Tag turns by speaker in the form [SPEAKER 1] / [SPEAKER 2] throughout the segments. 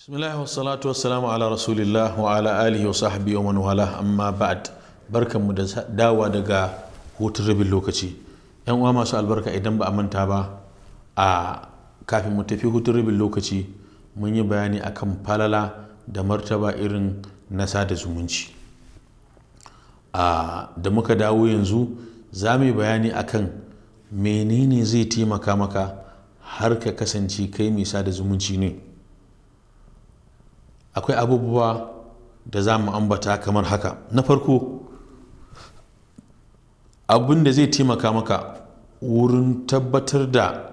[SPEAKER 1] bismillah wassalatu wassalamu ala rasulillah wa ala alihi wa sahbihi wa man wala amma ba'd barkanmu da dawa daga hutun rabin lokaci yan uwa masu albarka idan ba a manta ba a kafin mu tafi hutun rabin lokaci mun yi bayani akan falala da martaba irin na sada zumunci da muka dawo yanzu za mu yi bayani akan menene zai taimaka maka har ka kasance kai mai sada zumunci ne akwai abubuwa da za mu ambata kamar haka na farko abin da zai taimaka maka wurin tabbatar da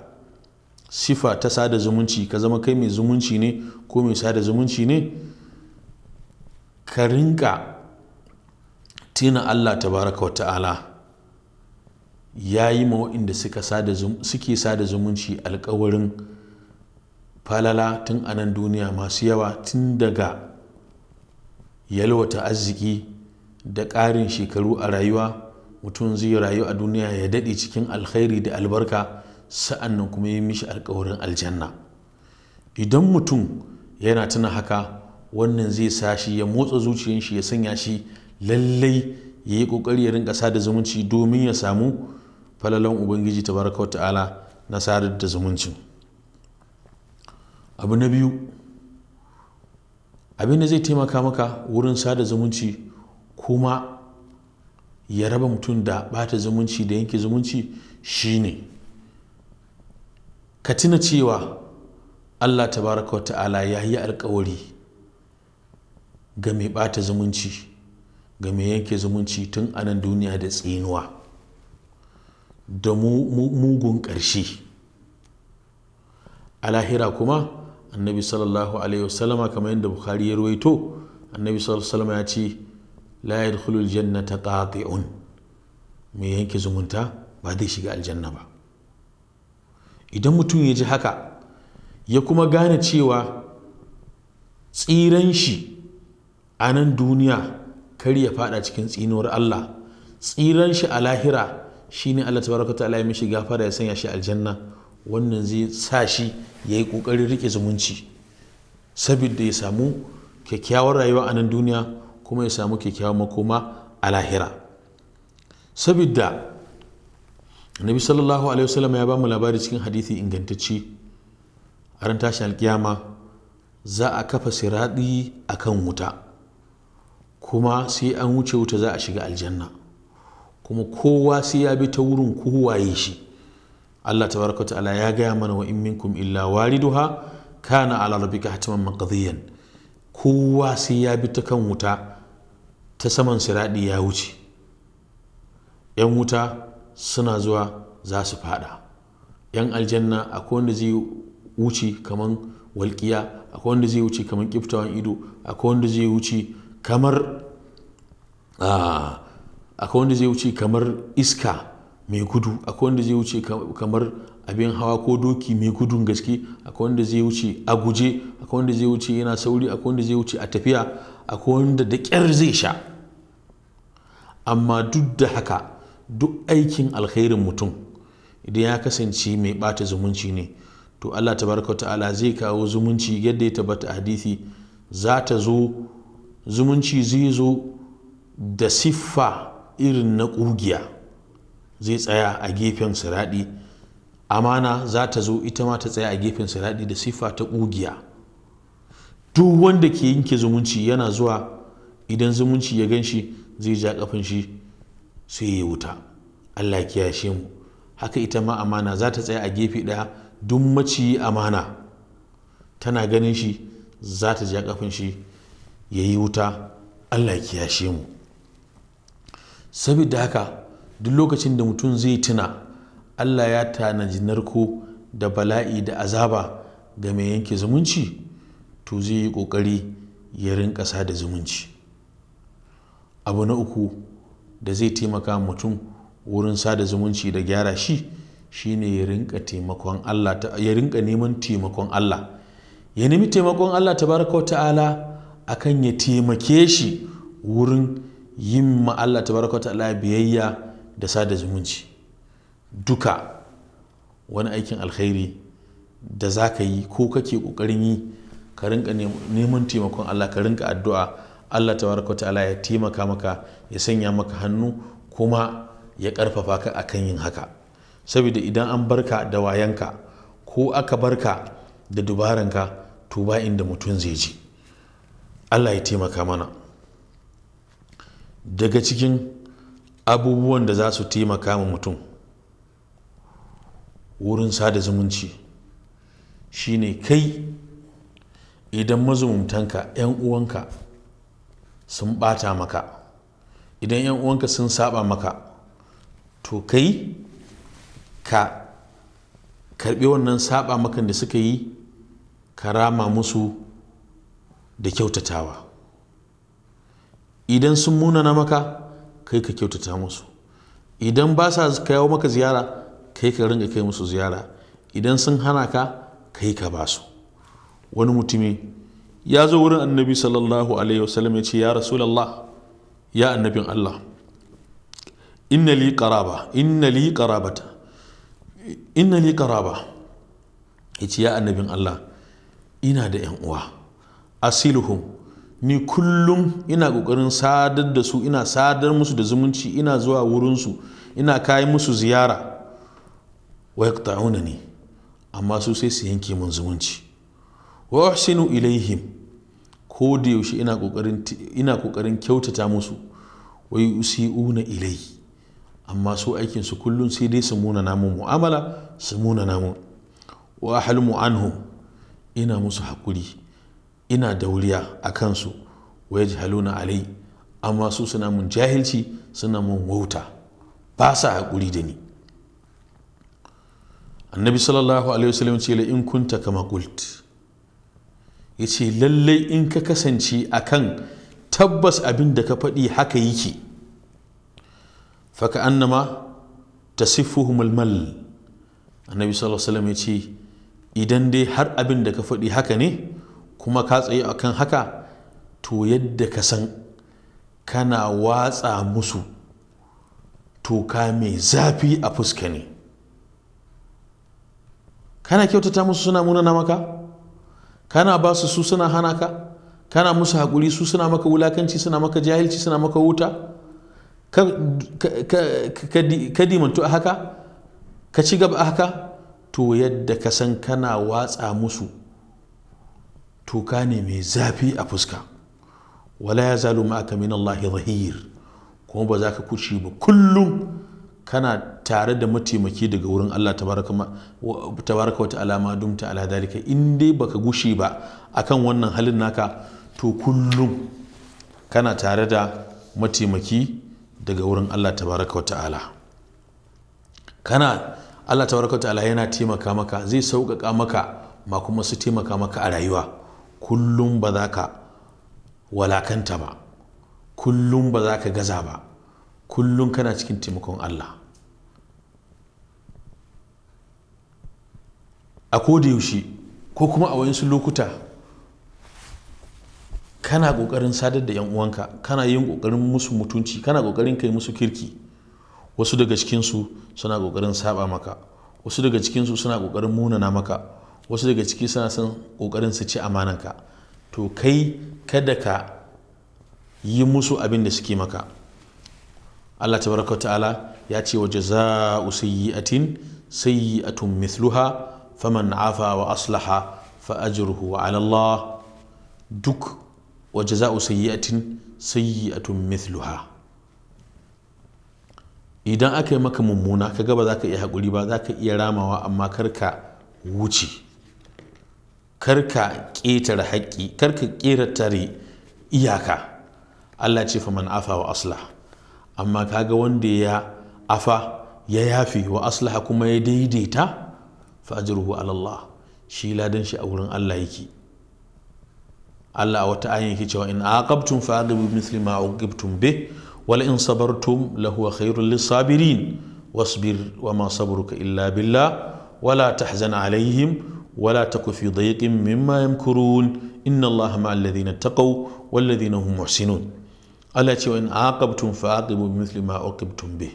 [SPEAKER 1] sifa ta sada zumunci ka zama kai mai zumunci ne ko mai sada zumunci ne ka rinka tina allah tabaraka wa ta'ala ya yi ma waɗanda suke sada zumunci alkawarin falala tun a nan duniya masu yawa tun daga yalwata arziki da ƙarin shekaru a rayuwa mutum zai rayu a duniya ya daɗe cikin alkhairi da albarka sa'an nan kuma yi mishi alkawarin aljanna idan mutum yana tuna haka wannan zai sa shi ya motsa zuciyar shi ya sanya shi lallai ya yi ƙoƙari ya rinka sada zumunci domin ya samu falalan ubangiji tabaraka ta'ala na sadar da zumuncin abu na biyu abin da zai taimaka maka wurin sada zumunci kuma ya raba mutum da bata zumunci da yanke zumunci shine ka tuna cewa allah tabaraka wa ta'ala ya yi alkawari ga mai bata zumunci ga mai yanke zumunci tun anan duniya da tsinuwa da mugun ƙarshe a lahira kuma annabi sallallahu alaihi wasallama kamar yadda bukari ya ruwaito annabi sallallahu alaihi wasallama ya ce la yadkhulul jannata qati'un mai yanke zumunta ba zai shiga aljanna ba idan mutum ya ji haka ya kuma gane cewa tsiran shi a nan duniya kar ya fada cikin tsinuwar Allah tsiran shi a lahira shine Allah tabaraka ta'ala ya mishi gafara ya sanya shi aljanna wannan zai sa shi ya yi ƙoƙarin riƙe zumunci saboda ya samu kyakkyawar rayuwa a nan duniya kuma ya samu kyakkyawar makoma a lahira saboda nabi sallallahu alaihi wasallam ya ba mu labari cikin hadithi ingantacce a ran tashin alkiyama za a kafa siraɗi a kan wuta kuma sai an wuce wuta za a shiga aljanna kuma kowa sai ya bi ta wurin kowaye shi Allah Ta barakwata ta'ala ya gaya mana wa in minkum illa wariduha kana ala rabbika hatiman maqdiyan kowa sai ya bi ta kan wuta ta saman siradi ya wuce yan wuta suna zuwa za su fada yan aljanna akwai wanda zai wuce kamar walƙiya akwai wanda zai wuce kamar kiftawan ido akwai wanda zai wuce kamar ah, akwai wanda zai wuce kamar iska mai gudu akwai wanda zai wuce kamar abin hawa ko doki mai gudun gaske akwai wanda zai wuce a guje akwai wanda zai wuce yana sauri akwai wanda zai wuce a tafiya akwai wanda da ƙyar zai sha amma duk da haka duk aikin alkhairin mutum idan ya kasance mai ɓata zumunci ne to allah tabaraka ta'ala zai kawo zumunci yadda ya tabbata hadisi za ta zo zumunci zai zo da siffa irin na ƙugiya zai tsaya a gefen siraɗi amana za ta zo ita ma ta tsaya a gefen siraɗi da sifa ta ƙugiya duk wanda ke yanke zumunci yana zuwa idan zumunci ya gan shi zai ja kafin shi sai ya wuta allah yashe mu haka ita ma amana za ta tsaya a gefe ɗaya duk maciyi amana tana ganin shi za ta ja kafin shi ya yi wuta allah yashe mu saboda haka duk lokacin da mutum zai tuna allah ya tanaji narko da bala'i da azaba ga mai yanke zumunci to zai yi ƙoƙari ya rinƙa sada zumunci abu na uku da zai taimaka mutum wurin sada zumunci da gyara shi shine ya rinka neman taimakon Allah ya nemi taimakon Allah baraka ta'ala akan ya taimake shi wurin yin ma Allah baraka ta'ala biyayya da sada zumunci duka wani aikin alkhairi da za ka yi ko kake ƙoƙarin yi ka rinka neman taimakon allah ka rinka addu'a allah tabaraka ta'ala ya taimaka maka ya sanya maka hannu kuma ya ƙarfafa ka akan yin haka saboda idan an barka da wayanka ko aka barka da dubaranka to ba inda mutum zai je allah ya taimaka mana daga cikin abubuwan da za su taimaka ma mutum wurin sada zumunci shine kai idan mazumuntanka 'yan uwanka sun bata maka idan 'yan uwanka sun saba maka to kai ka karbi wannan saba makan da suka yi ka rama musu da kyautatawa idan sun munana maka kai ka kyautata musu idan ba sa kawo maka ziyara kai ka ringa kai musu ziyara idan sun hana ka kai ka ba su wani mutumi ya zo wurin annabi sallallahu alaihi wasallam ya ce ya rasulallah ya annabin allah inna li qaraba inna li qarabata inna li qaraba ya ce ya annabin allah ina da yan uwa asiluhum ni kullum ina ƙoƙarin sadar da su ina sadar musu da zumunci ina zuwa wurinsu ina kayi musu ziyara wa ta'auna ni amma su sai su yanke mun zumunci wa uhsinu ilaihim ko da yaushe ina ƙoƙarin ƙoƙarin kyautata musu wai wa yusiuna ilai amma su aikin su kullum sai dai su muna namun mu'amala su muna namun wa ahalmu anhum ina musu hakuri ina da wuriya a kansu wa Haluna alai amma su suna mun jahilci suna mun wauta ba sa haƙuri da ni annabi sallallahu alaihi wasallam ce in kunta kama Ya yace lallai in ka kasance akan tabbas abin da ka faɗi haka yake faka annama tasiffuhum almal annabi sallallahu alaihi wasallam yace idan dai har abin da ka faɗi haka ne kuma ka tsaye akan haka to yadda ka san kana watsa musu toka mai zafi a fuska ne kana kyautata musu suna munana maka kana ba su su suna hana ka kana musu haƙuri su suna maka wulakanci suna maka jahilci suna maka wuta ka dimantu a haka ka ci gaba a haka to yadda ka san kana watsa musu toka ne mai zafi a fuska wala ya zalu ma'aka min Allah zahir kuma ba za ka kuce ba kullum kana tare da mataimaki daga wurin Allah tabaraka wata alama dumta ala dalika in dai baka gushe ba akan wannan halin naka to kullum kana tare da mataimaki daga wurin Allah tabaraka wa ta'ala kana Allah tabaraka wa ta'ala yana taimaka maka zai sauƙaƙa maka ma kuma su taimaka maka a rayuwa kullum ba za ka walakanta ba kullum ba za ka gaza ba kullum kana cikin taimakon Allah a yaushe ko kuma a wayansu lokuta kana ƙoƙarin sadar da 'yan uwanka kana yin ƙoƙarin musu mutunci kana ƙoƙarin kai musu kirki wasu daga cikinsu suna ƙoƙarin saba maka wasu daga cikinsu suna ƙoƙarin munana maka wasu daga ciki suna son ƙoƙarin su ci ka. to kai kada ka yi musu abin da suke maka Allah Ta baraka ta'ala ya ce wa jaza'u sayyi'atin sayyi'atun mithluha faman afa wa aslaha fa ajruhu ala Allah duk wa jaza'u sayyi'atin sayyi'atun mithluha idan aka yi maka mummuna ka gaba za ka iya haƙuri ba za ka iya ramawa amma karka wuce karka ƙetare haƙƙi karka ƙetare iyaka Allah ce fa man afa wa aslah amma kaga wanda ya afa ya yafi wa aslaha kuma ya daidaita fa ajruhu ala Allah shi ladan shi a wurin Allah yake Allah a wata ayin yake cewa in aqabtum fa aqibu mithli ma uqibtum bih wala in sabartum lahuwa khairul lisabirin wasbir wa ma sabruka illa billah wala tahzan alaihim ولا تك في ضيق مما يمكرون إن الله مع الذين اتقوا والذين هم محسنون ألا وإن عاقبتم فعاقبوا بمثل ما عوقبتم به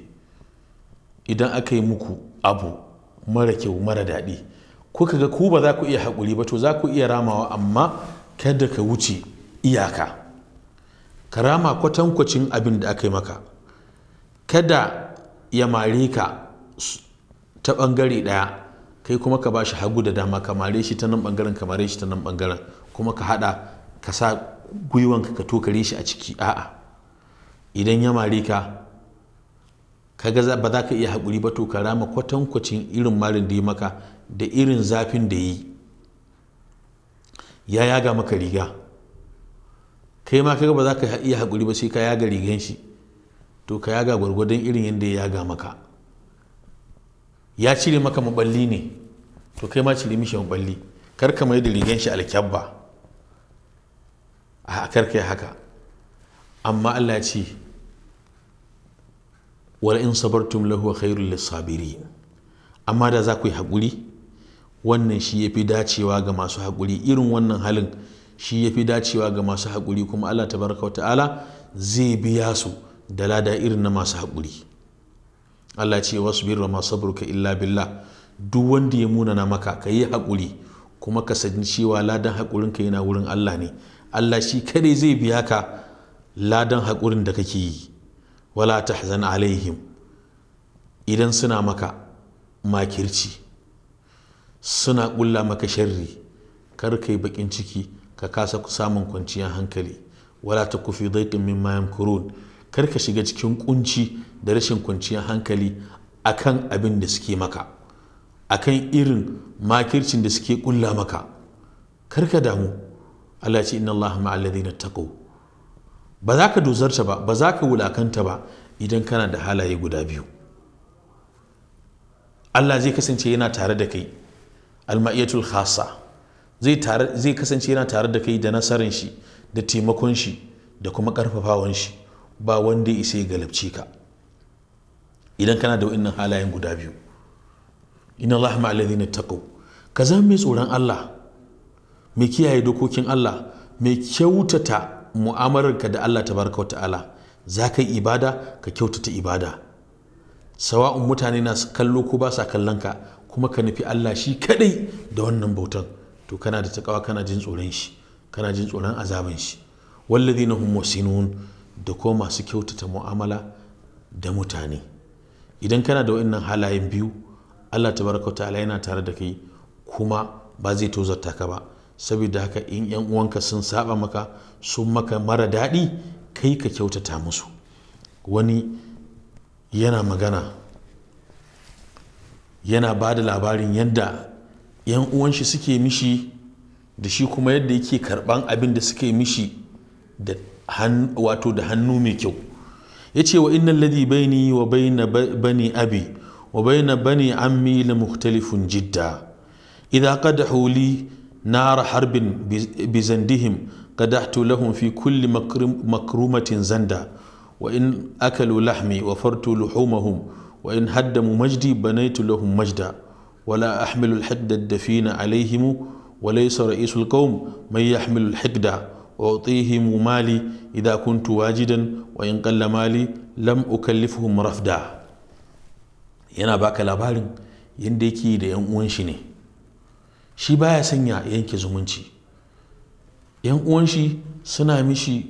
[SPEAKER 1] إذا أكي مكو أبو مركي ومردادي kuka ga ku ba ku iya haƙuri ba to zaku iya ramawa amma kada ka wuce iyaka ka rama kwatankwacin abin da aka maka kada ya mare ka ta ɓangare ɗaya kai kuma ka bashi hagu da dama ka mare shi ta nan bangaren kamare shi ta nan bangaren kuma ka hada ka sa gwiwanka ka tokare shi a ciki a'a idan ya mare ka kaga ba za ka iya haƙuri ba to ka rama kwatankwacin irin marin da ya maka da irin zafin da yi ya yaga maka riga kai ma kaga ba za ka iya haƙuri ba sai ka yaga rigan shi to ka yaga gwargwadon irin yadda ya yaga maka ya cire maka maballi ne to kai ma cire mishi maballi kar ka mai da rigan shi alkyabba a kar yi haka amma Allah ce wala in sabartum lahu khairul lisabirin amma da za ku yi haƙuri wannan shi ya fi dacewa ga masu haƙuri irin wannan halin shi ya fi dacewa ga masu haƙuri kuma Allah tabaraka wa ta'ala zai biya su da lada irin na masu haƙuri Allah ce wasu wasbir ma sabruka illa billah duk wanda ya munana maka ka yi haƙuri kuma ka sani cewa ladan haƙurinka yana wurin Allah ne Allah shi kadai zai biya ka ladan haƙurin da kake yi wala ta tahzan alaihim idan suna maka makirci suna ƙulla maka sharri kar ka yi baƙin ciki ka kasa samun kwanciyar hankali wala ta kufi zai min mayan kurun kar ka shiga cikin kunci da rashin kwanciyar hankali akan abin da suke maka akan irin makircin da suke kulla maka kar ka damu Allah ce inna Allah na taqaw ba za ka dozarta ba ba za ka wulakanta ba idan kana da halaye guda biyu Allah zai kasance yana tare da kai alma'iyatul khassa zai kasance yana tare da kai da nasarar shi da taimakon shi da kuma ƙarfafawan shi ba wanda isa ya galabci ka idan kana da waɗannan halayen guda biyu ina Allah na taƙo ka zama mai tsoron Allah mai kiyaye dokokin Allah mai kyautata mu'amalarka da Allah Ta baraka ta'ala za ka yi ibada ka kyautata ibada sawa'un mutane na kallo ko ba sa kallon ka kuma ka nufi Allah shi kadai da wannan bautan to kana da takawa kana jin tsoron shi kana jin tsoron azaban shi wallazina hum musinun da ko masu kyautata mu'amala da mutane idan kana da wa'annan halayen biyu allah ta baraka ta'ala yana tare da kai kuma ba zai tozarta ka ba saboda haka in yan uwanka sun saba maka sun maka mara daɗi kai ka kyautata musu wani yana magana yana ba da labarin yadda 'yan uwanshi suke mishi da shi kuma yadda yake karban abin da suke mishi da wato da hannu mai kyau ya ce wa innan ladi baini wa baina bani abi wa baina bani ammi la mukhtalifun jidda idha qadahu huli nara harbin bizandihim qadahtu lahum fi kulli makrumatin zanda wa in akalu lahmi wa fartu luhumahum wa in haddamu majdi banaitu lahum majda ولا أحمل الحد الدفين عليهم وليس رئيس القوم من يحمل الحقد وأعطيهم مالي إذا كنت واجدا وإن قل مالي لم أكلفهم رفدا yana baka labarin yadda yake da yan uwan shi ne shi baya sanya yanke zumunci yan uwan shi suna mishi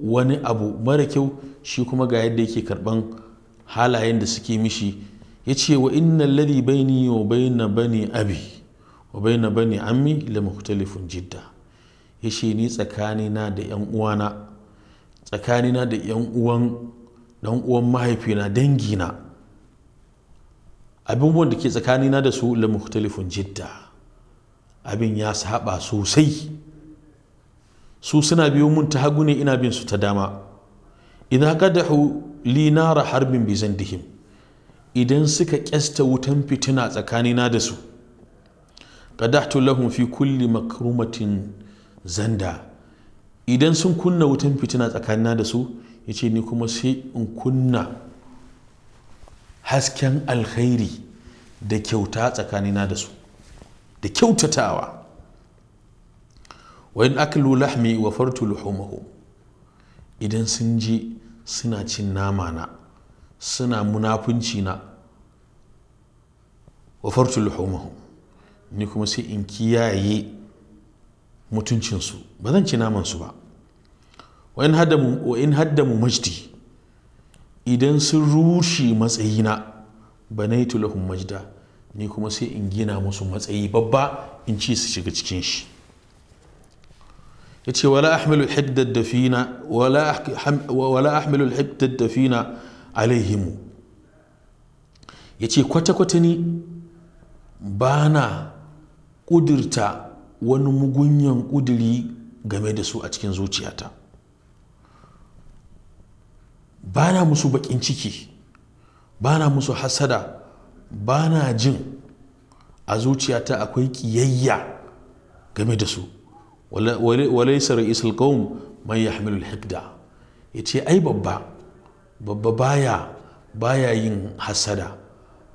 [SPEAKER 1] wani abu mara kyau shi kuma ga yadda yake karban halayen da suke mishi ya ce wa inna ladhi baini wa baina bani abi wa baina bani ammi la mukhtalifun jidda ya ne ni tsakanina da 'yan uwana tsakanina da 'yan uwan dan uwan mahaifina dangina abubuwan da ke tsakanina da su la mukhtalifun jidda abin ya saba sosai su suna biyo mun ta hagu ne ina bin su ta dama idan qadahu li linara harbin bi zandihim idan suka kyasta wutan fitina tsakanina da su qadahtu lahum fi kulli makrumatin zanda idan sun kunna wutan fitina tsakanina da su ya ce ni kuma sai in kunna hasken alkhairi da kyauta tsakanina da su da kyautatawa wayan aklu lahmi wa fartu luhumahu idan sun ji suna cin nama na suna munafunci na wa fartu luhumahu ni kuma sai in kiyaye mutuncinsu ba zan ci namansu ba wa in haddamu majdi idan sun rushe matsayina yi lahum majda ni kuma sai in gina musu matsayi babba in ci su shiga cikin shi yace wala wala ahmilu hiddad yace kwata kwata ni bana kudurta. wani mugunyan ƙudiri game da su a cikin zuciyata ba na musu baƙin ciki ba na musu hasada ba na jin a zuciyata akwai ƙiyayya game da su sa ra'isul qawm man yahmilu al-hikda ce ai babba babba baya baya yin hasada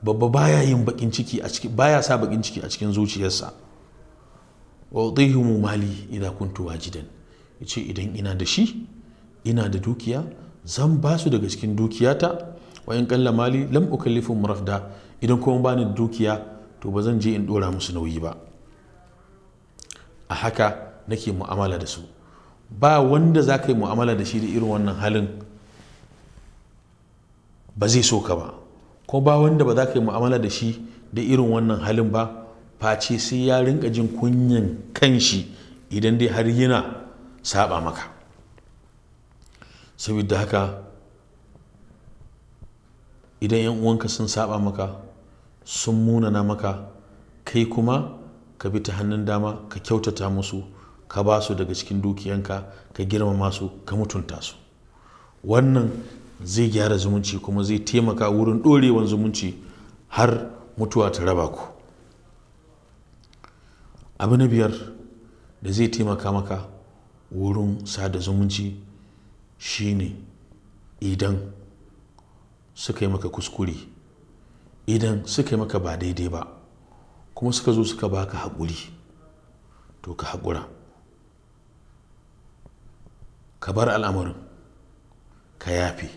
[SPEAKER 1] babba baya yin baƙin ciki a cikin baya sa baƙin ciki a cikin zuciyarsa wa mu mali kuntuwa kuntu wajidan ce idan ina da shi ina da dukiya zan ba su daga cikin dukiyata wa in kalla mali lam ukallifu murafda idan kuma bani da dukiya to ba zan je in dora musu nauyi ba a haka nake mu'amala da su ba wanda za ka yi mu'amala da shi da irin wannan halin ba zai so ka ba ko ba wanda ba za ka yi mu'amala da shi da irin wannan halin ba face sai ya rinka jin kunyan kanshi idan dai har yana saba maka saboda haka idan yan uwanka sun saba maka sun munana maka kai kuma ka bi ta hannun dama ka kyautata musu ka ba su daga cikin dukiyanka ka girmama su ka mutunta su wannan zai gyara zumunci kuma zai taimaka wurin ɗorewan zumunci har mutuwa ta raba ku abu na biyar da zai taimaka maka wurin sada zumunci shine idan suka yi maka kuskure idan suka yi maka ba daidai ba kuma suka zo suka baka haƙuri to ka haƙura ka bar al'amarin ka yafe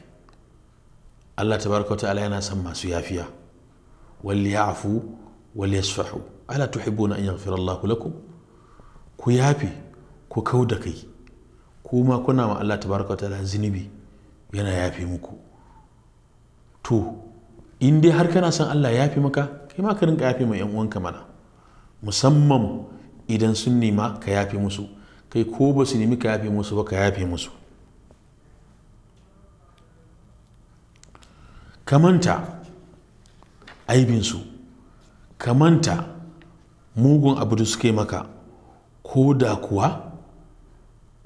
[SPEAKER 1] allah Ta tabaraka wata yana son masu yafiya wal ya'fu wal yasfahu ala tuhibbuna an yaghfira Allahu lakum ku yafe ku kau da kai kuma kuna ma Allah tabaraka ta'ala zinubi yana yafe muku to in dai har kana son Allah yafe maka kai ma ka rinka yafi ma yan uwanka mana musamman idan sun nema ka yafi musu kai ko ba su nemi ka yafe musu ba ka yafi musu kamanta aibinsu kamanta mugun abu da suke maka ko da kuwa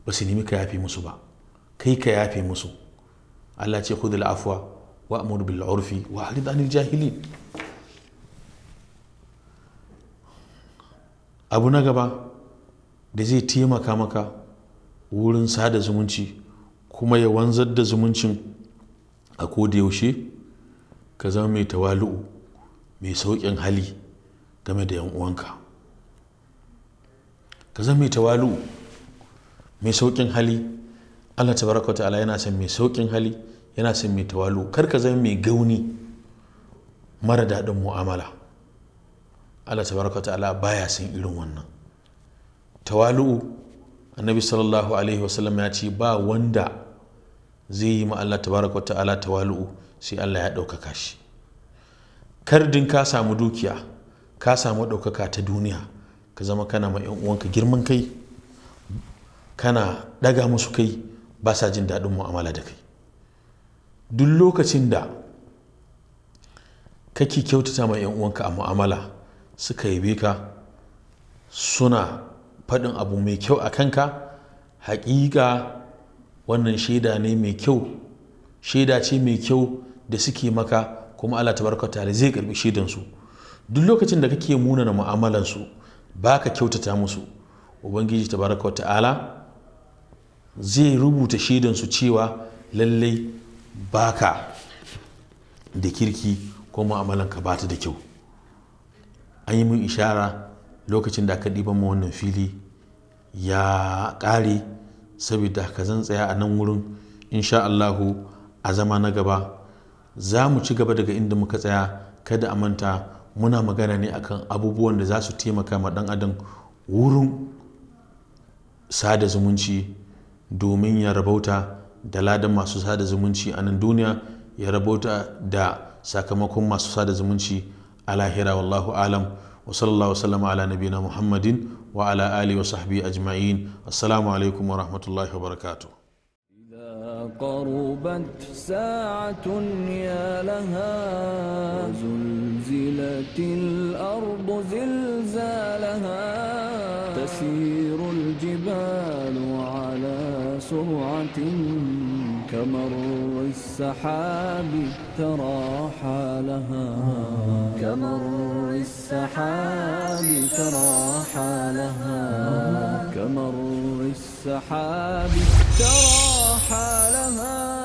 [SPEAKER 1] ba su nemi ka yafe musu ba kai ka yafe musu Allah ce kudu afwa wa amur bil urfi wa arid anil jahili abu na gaba da zai taimaka maka wurin sada zumunci kuma ya wanzar da zumuncin a kodayaushe yaushe ka zama mai tawalu'u mai sauƙin hali game da yan uwanka ka zama mai tawalu mai sauƙin hali allah tabaraka Ala yana son mai sauƙin hali yana son mai tawalu kar ka zama mai gauni mara daɗin mu'amala allah tabaraka ala baya son irin wannan tawalu'u annabi sallallahu alaihi wasallam ya ce ba wanda zai yi ma allah tabaraka Ala tawalu'u sai allah ya ɗaukaka shi kardin ka samu dukiya ka samu ɗaukaka ta duniya ka zama kana ma uwanka girman kai kana ɗaga musu kai ba sa jin daɗin mu'amala da kai duk lokacin da kake kyautata ma uwanka a mu'amala suka yabe ka suna faɗin abu mai kyau a kanka haƙiƙa wannan shaida ne mai kyau shaida ce mai kyau da suke maka kuma allah tabaraka tare zai karbi shaidansu duk lokacin da kake munana mu'amalansu ba ka kyautata musu ubangiji tabaraka ta'ala zai rubuta shaidansu cewa lallai baka da kirki ko mu'amalanka ba ta da kyau an yi min ishara lokacin da aka ɗiban ma wannan fili ya ƙare saboda ka zan tsaya a nan wurin insha Allahu a zama na gaba za mu ci gaba daga inda muka tsaya kada a manta muna magana ne akan abubuwan da za su taimaka ma dan adam wurin sada zumunci domin ya rabauta da ladan masu sada zumunci a nan duniya ya rabauta da sakamakon masu sada zumunci a lahira wallahu alam wa sallallahu wasallam ala nabina muhammadin wa ala ali wa sahbi ajma'in assalamu alaikum wa rahmatullahi wa barakatuh قربت ساعة يا لها زلزلت الأرض زلزالها تسير الجبال على سرعة كمر السحاب ترى حالها كمر السحاب ترى حالها كمر السحاب ترى حالها